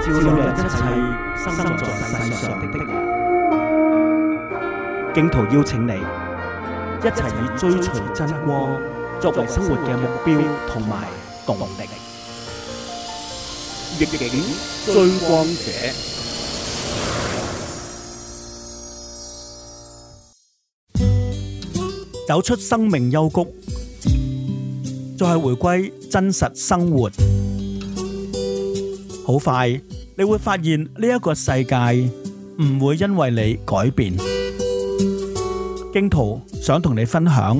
照亮一切生在世上的人，荊徒邀請你一齊以追隨真光作為生活嘅目標同埋動力，逆境追光者走出生命幽谷，再係回歸真實生活，好快。你會發現呢一個世界唔會因為你改變。荊徒想同你分享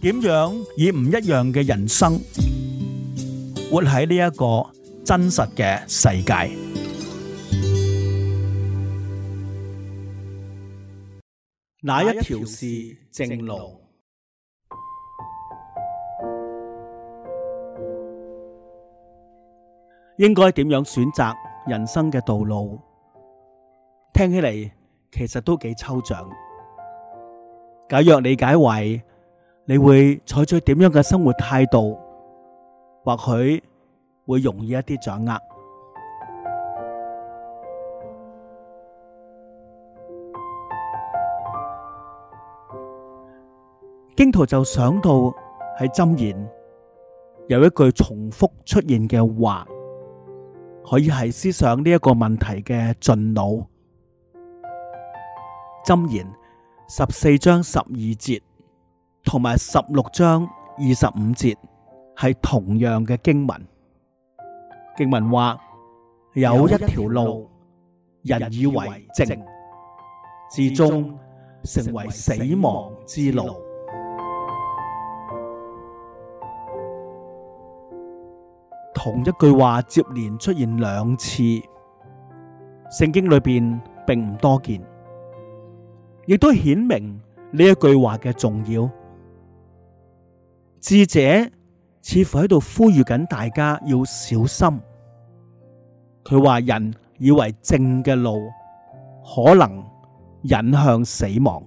點樣以唔一樣嘅人生活喺呢一個真實嘅世界。哪一條是正路？應該點樣選擇？人生嘅道路，聽起嚟其實都幾抽象。假若理解為你會採取點樣嘅生活態度，或許會容易一啲掌握。荊徒就想到喺箴言有一句重複出現嘅話。可以係思想呢一個問題嘅進路。箴言，十四章十二節同埋十六章二十五節係同樣嘅經文。經文話，有一條路人以為正，至終成為死亡之路。同一句話接連出現兩次，聖經裏邊並唔多見，亦都顯明呢一句話嘅重要。智者似乎喺度呼籲緊大家要小心。佢話人以為正嘅路，可能引向死亡。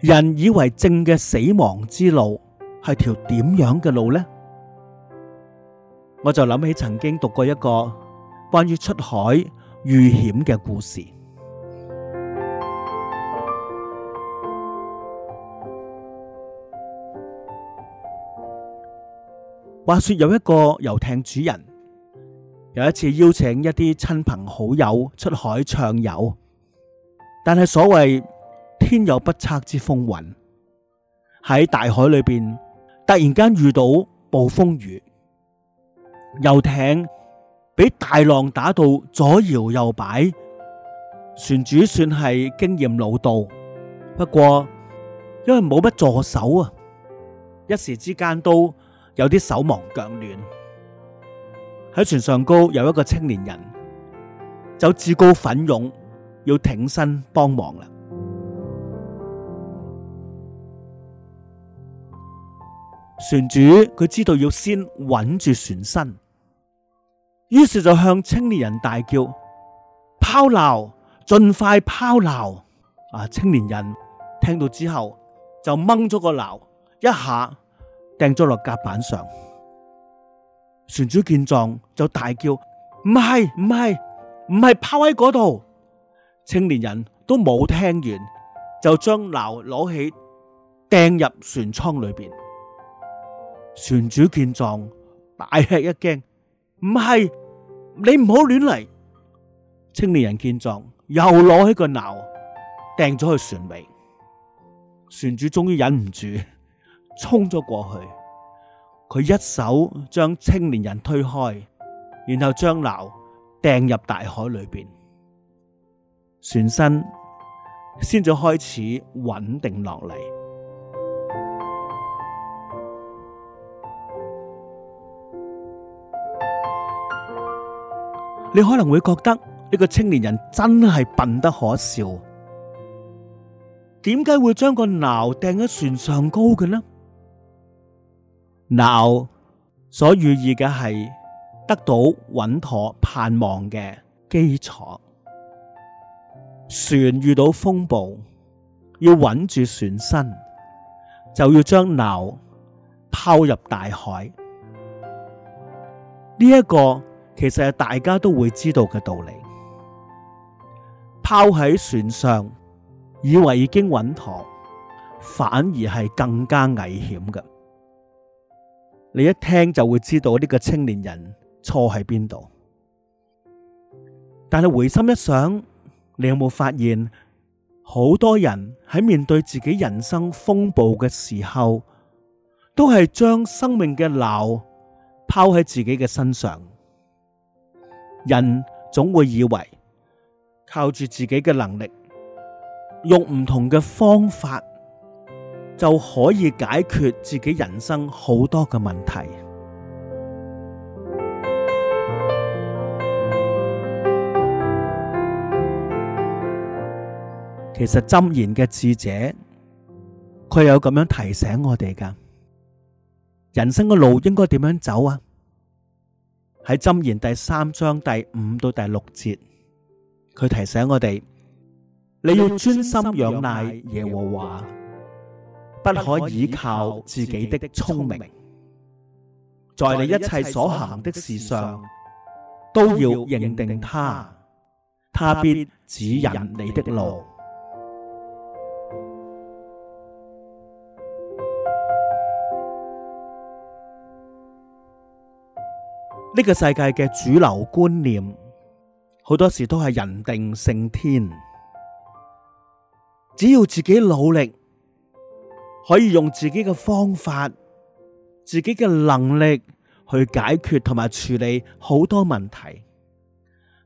人以為正嘅死亡之路係條點樣嘅路呢？我就諗起曾經讀過一個關於出海遇險嘅故事。話說有一個遊艇主人，有一次邀請一啲親朋好友出海暢遊，但係所謂天有不測之風雲，喺大海裏邊突然間遇到暴風雨。遊艇俾大浪打到左搖右擺，船主算係經驗老道，不過因為冇乜助手啊，一時之間都有啲手忙腳亂。喺船上高有一個青年人，就自告奮勇要挺身幫忙啦。船主佢知道要先穩住船身。於是就向青年人大叫拋錨，盡快拋錨！啊，青年人聽到之後就掹咗個錨，一下掟咗落甲板上。船主見狀就大叫：唔係，唔係，唔係拋喺嗰度！青年人都冇聽完，就將錨攞起掟入船艙裏邊。船主見狀大吃一驚：唔係！你唔好亂嚟！青年人見狀，又攞起個錨掟咗去船尾，船主終於忍唔住，衝咗過去，佢一手將青年人推開，然後將錨掟入大海裏邊，船身先至開始穩定落嚟。你可能會覺得呢、這個青年人真係笨得可笑，點解會將個錨掟喺船上高嘅呢？錨所寓意嘅係得到穩妥盼望嘅基礎。船遇到風暴，要穩住船身，就要將錨拋入大海。呢、這、一個。其實大家都會知道嘅道理，拋喺船上，以為已經穩妥，反而係更加危險嘅。你一聽就會知道呢個青年人錯喺邊度。但係回心一想，你有冇發現好多人喺面對自己人生風暴嘅時候，都係將生命嘅錨拋喺自己嘅身上。人總會以為靠住自己嘅能力，用唔同嘅方法就可以解決自己人生好多嘅問題。 其實，箴言嘅智者佢有咁樣提醒我哋：㗎人生嘅路應該點樣走啊？喺箴言第三章第五到第六節，佢提醒我哋：你要專心仰賴耶和華，不可倚靠自己的聰明。在你一切所行的事上，都要認定他，他必指引你的路。呢個世界嘅主流觀念，好多時都係人定勝天。只要自己努力，可以用自己嘅方法、自己嘅能力去解決同埋處理好多問題。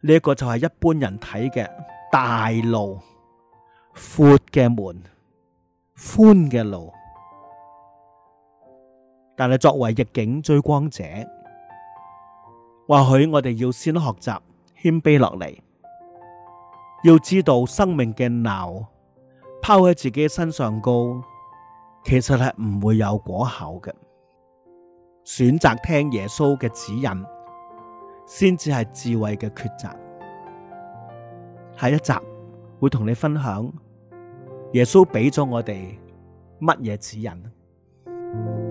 呢個就係一般人睇嘅大路、闊嘅門、寬嘅路。但係作為逆境追光者，或許我哋要先學習謙卑落嚟，要知道生命嘅鬧拋喺自己身上高，其實係唔會有果效嘅。選擇聽耶穌嘅指引，先至係智慧嘅抉擇。下一集會同你分享耶穌俾咗我哋乜嘢指引。